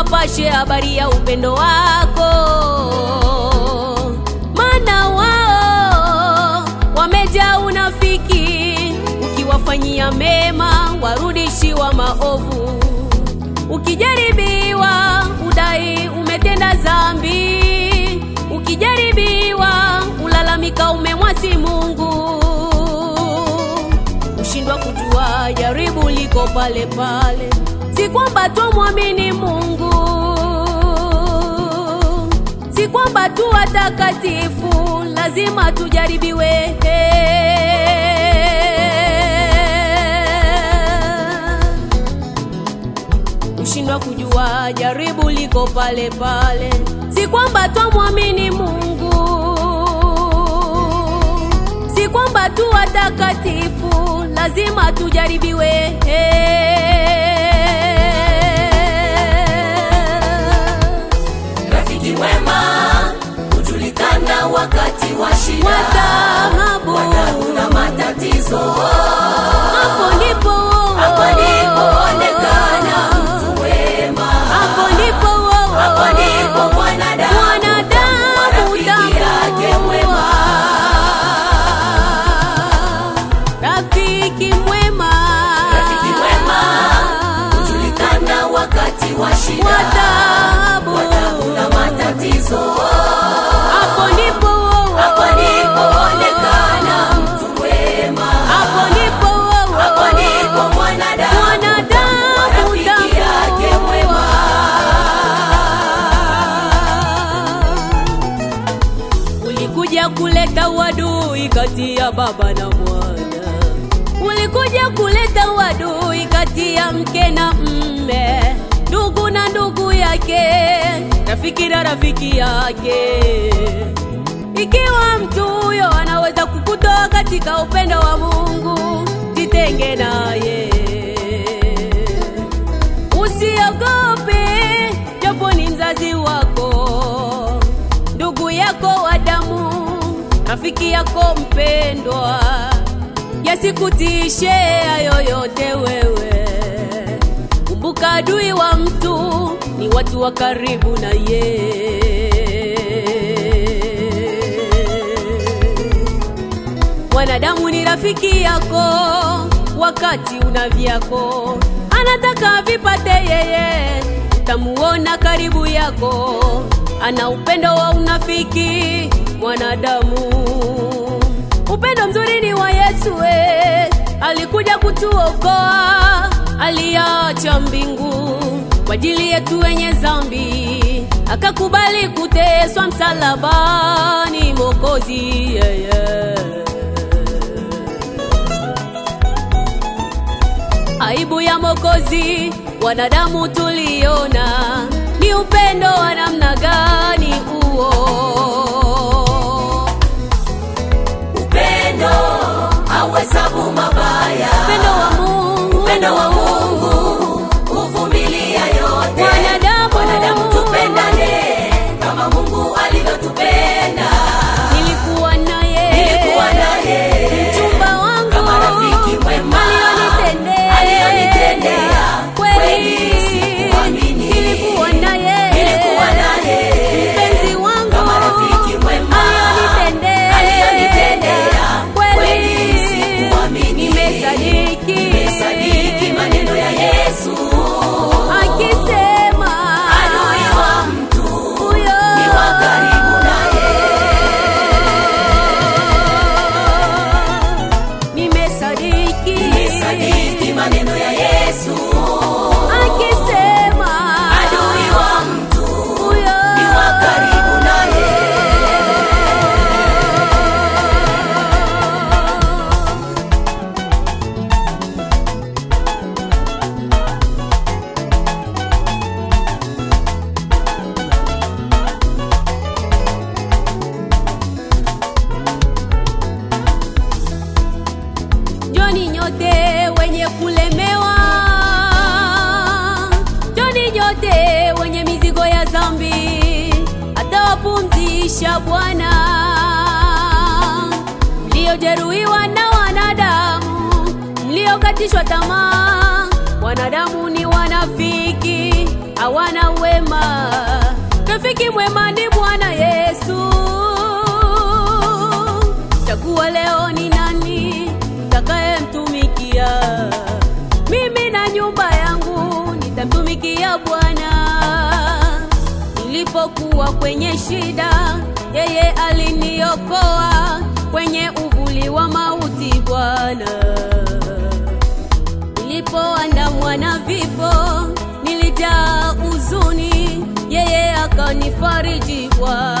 wapashe habari ya upendo wako, maana wao wamejaa unafiki. Ukiwafanyia mema warudishiwa maovu, ukijaribiwa udai umetenda dhambi, ukijaribiwa ulalamika umemwasi Mungu. Ushindwa kujua jaribu liko pale pale si kwamba tu mwamini Mungu, si kwamba tu watakatifu, lazima tujaribiwe kushindwa kujua, jaribu liko pale pale. Si kwamba twamwamini Mungu, si kwamba tu watakatifu, lazima tujaribiwe. wa shida, wadhambu, wadau na matatizo kuleta wadui kati ya baba na mwana, ulikuja kuleta wadui kati ya mke na mme, ndugu na ndugu yake, rafiki na rafiki yake. Ikiwa mtu huyo anaweza kukutoa katika upendo wa Mungu, jitenge naye, usiogope, japo ni mzazi wako. rafiki yako mpendwa, yasikutishe hayo yote wewe. Kumbuka, adui wa mtu ni watu wa karibu na ye. Mwanadamu ni rafiki yako wakati una vyako, anataka vipate yeye, utamuona karibu yako ana upendo wa unafiki mwanadamu. Upendo mzuri ni wa Yesu, we alikuja kutuokoa, aliacha mbingu kwa ajili yetu wenye zambi, akakubali kuteswa msalabani, mokozi yeye yeah, yeah. Aibu ya mokozi wanadamu tuliona upendo wa namna gani huo? Upendo hauhesabu mabaya, upendo wa Mungu, upendo wa Mungu. kumrudisha Bwana. Mliojeruhiwa na wanadamu, mliokatishwa tamaa. Wanadamu ni wanafiki, hawana wema. Rafiki mwema ni Bwana nilipokuwa kwenye shida, yeye aliniokoa kwenye uvuli wa mauti. Bwana, nilipoandamwa na vifo, nilijaa huzuni, yeye akanifariji Bwana.